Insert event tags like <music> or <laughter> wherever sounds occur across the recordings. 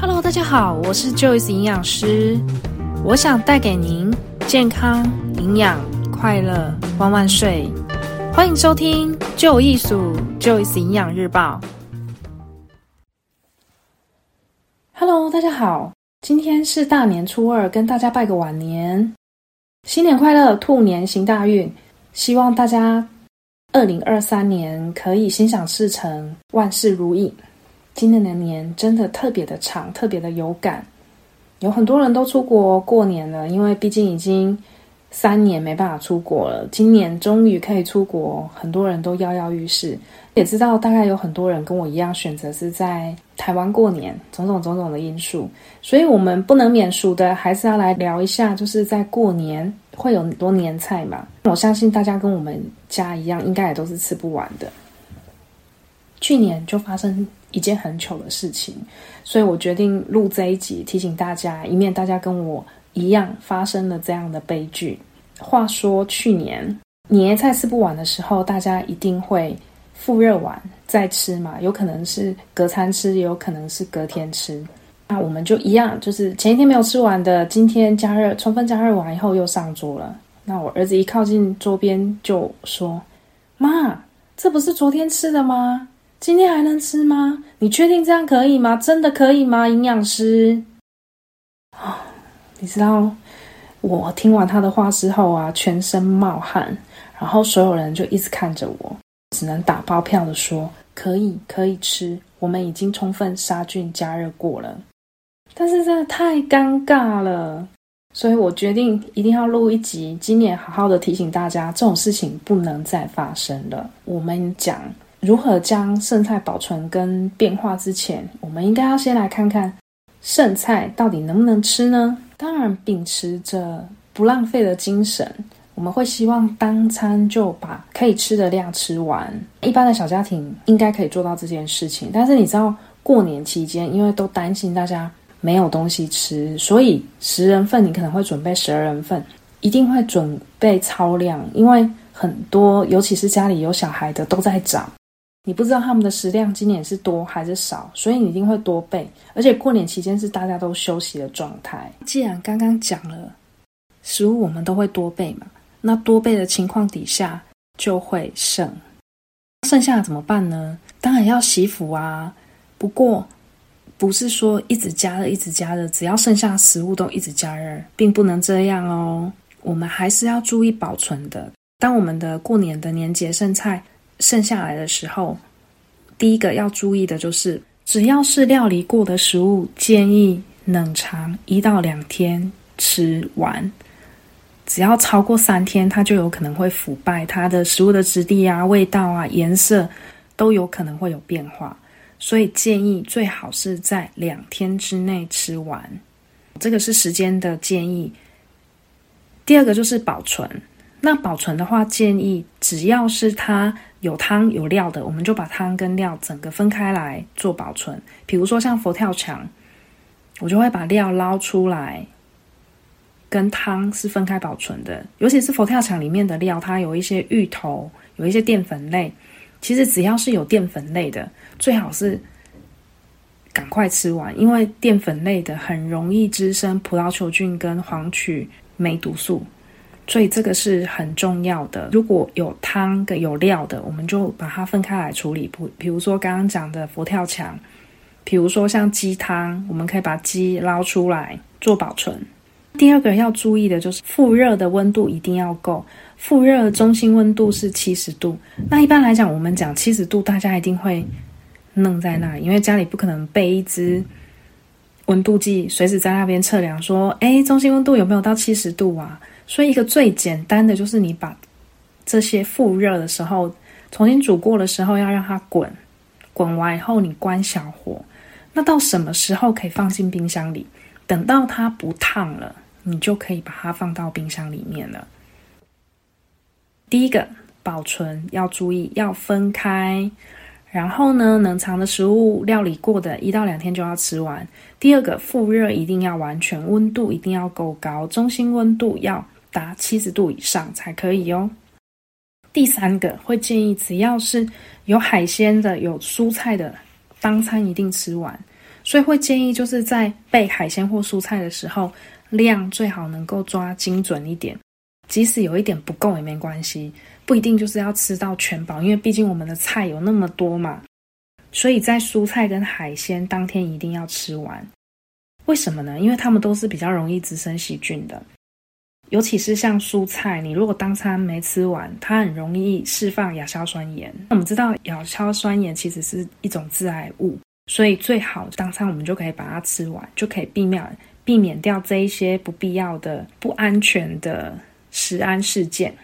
Hello，大家好，我是 Joyce 營養師，我想帶給您健康、營養、快樂、萬萬歲！歡迎收聽《就有意思 Joyce 營養日報》。Hello，大家好，今天是大年初二，跟大家拜個晚年，新年快樂，兔年行大運，希望大家二零二三年可以心想事成，萬事如意。今年的年真的特別的長，特別的有感，有很多人都出國過年了，因為畢竟已經三年沒辦法出國了，今年終於可以出國，很多人都躍躍欲試。也知道大概有很多人跟我一樣選擇是在台灣過年，種種種種的因素，所以我們不能免俗的還是要來聊一下，就是在過年會有很多年菜嘛，我相信大家跟我們家一樣，應該也都是吃不完的。去年就發生一件很糗的事情，所以我決定錄這一集提醒大家，以免大家跟我一樣發生了這樣的悲劇。話說去年年夜菜吃不完的時候，大家一定會復熱完再吃嘛，有可能是隔餐吃，也有可能是隔天吃。那我們就一樣，就是前一天沒有吃完的，今天加熱充分加熱完以後又上桌了。那我兒子一靠近桌邊就說：“媽，這不是昨天吃的嗎？”今天還能吃嗎？你確定這樣可以嗎？真的可以嗎？營養師啊，哦，你知道，我聽完他的話之後啊，全身冒汗，然後所有人就一直看着我，只能打包票的說可以，可以吃。我們已經充分殺菌加熱過了，但是真的太尷尬了，所以我決定一定要錄一集，今年好好的提醒大家，這種事情不能再發生了。我們講。如何將剩菜保存跟變化之前，我們應該要先來看看剩菜到底能不能吃呢？當然，秉持着不浪費的精神，我們會希望當餐就把可以吃的量吃完。一般的小家庭應該可以做到這件事情，但是你知道，過年期間，因為都擔心大家沒有東西吃，所以十人份你可能會準備十二人份，一定會準備超量，因為很多，尤其是家裡有小孩的都在長，你不知道他們的食量今年是多還是少，所以你一定會多備。而且過年期間是大家都休息的狀態。既然剛剛講了食物，我們都會多備嘛，那多備的情況底下就會剩，剩下的怎麼辦呢？當然要惜福啊。不過不是說一直加熱，一直加熱，只要剩下食物都一直加熱，並不能這樣哦。我們還是要注意保存的。當我們的過年的年節剩菜，剩下來的時候，第一個要注意的就是，只要是料理過的食物，建議冷藏一到兩天吃完。只要超過三天，它就有可能會腐敗，它的食物的質地啊、味道啊、顏色都有可能會有變化。所以建議最好是在兩天之內吃完，這個是時間的建議。第二個就是保存，那保存的話，建議只要是它。有湯有料的，我們就把湯跟料整個分開來做保存。比如說像佛跳牆，我就會把料撈出來，跟湯是分開保存的。尤其是佛跳牆裡面的料，它有一些芋頭，有一些澱粉類。其實只要是有澱粉類的，最好是趕快吃完，因為澱粉類的很容易滋生葡萄球菌跟黃麴黴毒素。所以這個是很重要的。如果有湯跟有料的，我們就把它分開來處理。比比如說剛剛講的佛跳牆，比如說像雞湯，我們可以把雞撈出來做保存。第二個要注意的就是復熱的溫度一定要夠，復熱中心溫度是七十度。那一般來講，我們講七十度，大家一定會愣在那裡，因為家裡不可能備一支。溫度計隨時在那邊測量，說：“誒，中心溫度有沒有到七十度啊？”所以一個最簡單的就是，你把這些復熱的時候，重新煮過的時候，要讓它滾，滾完以後你關小火。那到什麼時候可以放進冰箱裡？等到它不燙了，你就可以把它放到冰箱裡面了。第一個保存要注意，要分開。然後呢，冷藏的食物料理過的，一到兩天就要吃完。第二個，複熱一定要完全，溫度一定要夠高，中心溫度要達七十度以上才可以哦。第三個，會建議只要是有海鮮的、有蔬菜的，當餐一定吃完。所以會建議就是在備海鮮或蔬菜的時候，量最好能夠抓精準一點。即使有一點不夠也沒關係，不一定就是要吃到全飽，因為畢竟我們的菜有那麼多嘛。所以在蔬菜跟海鮮當天一定要吃完，為什麼呢？因為它們都是比較容易滋生細菌的，尤其是像蔬菜，你如果當餐沒吃完，它很容易釋放亞硝酸鹽。我們知道亞硝酸鹽其實是一種致癌物，所以最好當餐我們就可以把它吃完，就可以避免避免掉這一些不必要的不安全的。食安事件。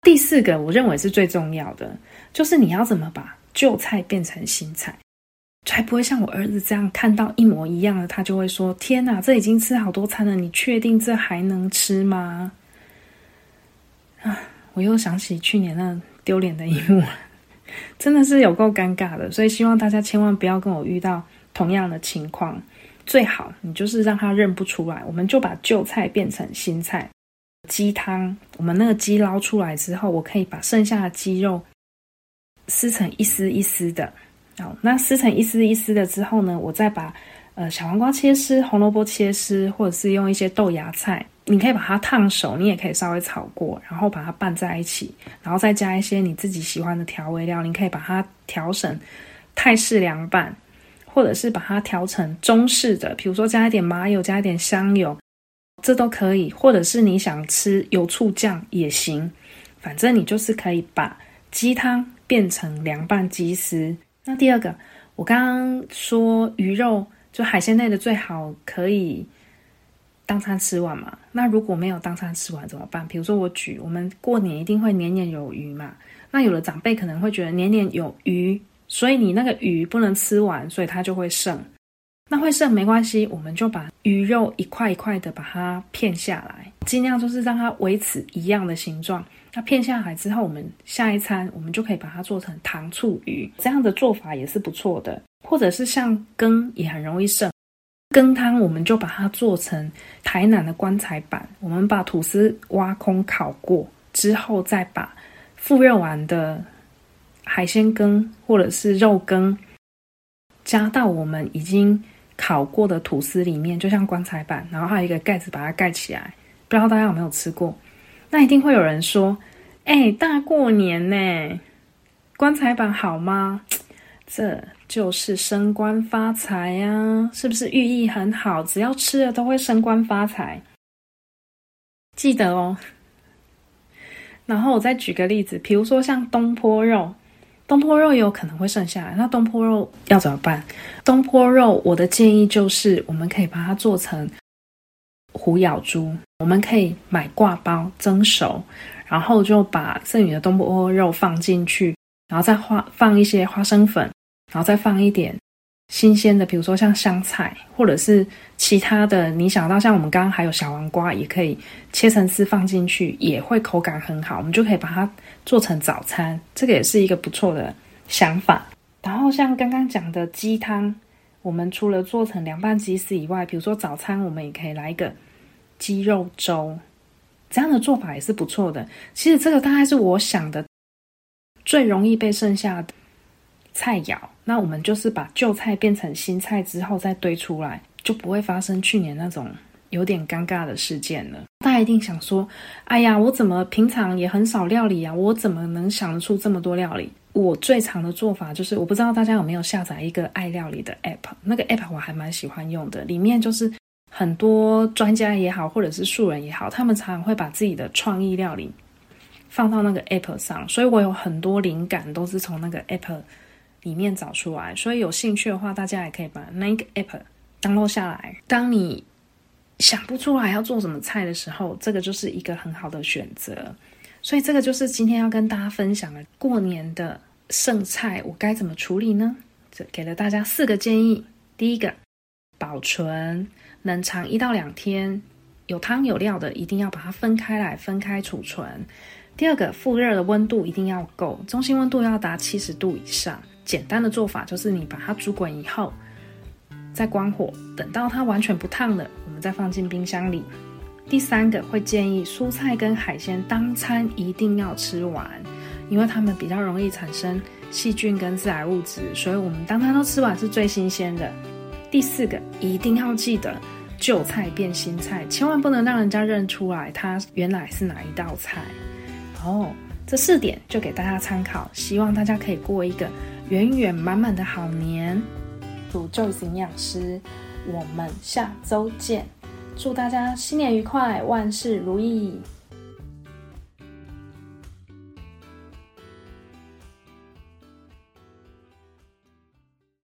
第四個我認為是最重要的，就是你要怎麼把舊菜變成新菜，才不會像我兒子這樣看到一模一樣的，他就會說：“天哪，這已經吃好多餐了，你確定這還能吃嗎？”啊，我又想起去年那丟臉的一幕， <laughs> 真的是有夠尷尬的，所以希望大家千萬不要跟我遇到同樣的情況，最好你就是讓他認不出來，我們就把舊菜變成新菜。雞湯，我們那個雞撈出來之後，我可以把剩下的雞肉撕成一絲一絲的。好，那撕成一絲一絲的之後呢，我再把呃小黃瓜切絲，紅蘿蔔切絲，或者是用一些豆芽菜，你可以把它燙熟，你也可以稍微炒過，然後把它拌在一起，然後再加一些你自己喜歡的調味料，你可以把它調成泰式涼拌，或者是把它調成中式的，比如說加一點麻油，加一點香油。這都可以，或者是你想吃油醋醬也行，反正你就是可以把雞湯變成涼拌雞絲。那第二個，我剛剛說魚肉就海鮮類的最好可以當餐吃完嘛。那如果沒有當餐吃完怎麼辦？比如說我舉，我們過年一定會年年有魚嘛。那有的長輩可能會覺得年年有魚，所以你那個魚不能吃完，所以它就會剩。那會剩沒關係，我們就把魚肉一塊一塊的把它片下來，盡量就是讓它維持一樣的形狀。那片下來之後，我們下一餐我們就可以把它做成糖醋魚，這樣的做法也是不錯的。或者是像羹也很容易剩，羹湯我們就把它做成台南的棺材板。我們把吐司挖空烤過之後，再把復熱完的海鮮羹或者是肉羹加到我們已經。烤過的吐司裡面，就像棺材板，然後還有一個蓋子把它蓋起來。不知道大家有沒有吃過？那一定會有人說：“哎，大過年呢，棺材板好嗎？”這就是升官發財呀，是不是寓意很好？只要吃了都會升官發財。記得哦。然後我再舉個例子，比如說像東坡肉。東坡肉也有可能會剩下來，那東坡肉要怎麼辦？東坡肉我的建議就是，我們可以把它做成虎咬豬，我們可以買刈包蒸熟，然後就把剩餘的東坡肉放進去，然後再花放一些花生粉，然後再放一點。新鮮的，比如說像香菜，或者是其他的，你想到像我們剛剛還有小黃瓜，也可以切成絲放進去，也會口感很好。我們就可以把它做成早餐，這個也是一個不錯的想法。然後像剛剛講的雞湯，我們除了做成涼拌雞絲以外，比如說早餐我們也可以來一個雞肉粥，這樣的做法也是不錯的。其實這個大概是我想的最容易被剩下的菜餚，那我們就是把舊菜變成新菜之後再堆出來，就不會發生去年那種有點尷尬的事件了。大家一定想說：“哎呀，我怎麼平常也很少料理啊？我怎麼能想得出這麼多料理？”我最常的做法就是，我不知道大家有沒有下載一個愛料理的 app，那個 app 我還蠻喜歡用的，裡面就是很多專家也好，或者是素人也好，他們常常會把自己的創意料理放到那個 app 上，所以我有很多靈感都是從那個 app。裡面找出來，所以有興趣的話，大家也可以把那個 APP 下載下來。當你想不出來要做什麼菜的時候，這個就是一個很好的選擇。所以這個就是今天要跟大家分享的過年的剩菜，我該怎麼處理呢？這給了大家四個建議：第一個，保存，冷藏一到兩天，有湯有料的，一定要把它分開來，分開儲存。第二個，復熱的溫度一定要夠，中心溫度要達七十度以上。簡單的做法就是你把它煮滾以後，再關火，等到它完全不燙了，我們再放進冰箱裡。第三個會建議蔬菜跟海鮮當餐一定要吃完，因為它們比較容易產生細菌跟致癌物質，所以我們當餐都吃完是最新鮮的。第四個一定要記得舊菜變新菜，千萬不能讓人家認出來它原來是哪一道菜。然、哦、後這四點就給大家參考，希望大家可以過一個。圓圓滿滿的好年，Joyce 營養師，我們下周見，祝大家新年愉快，萬事如意。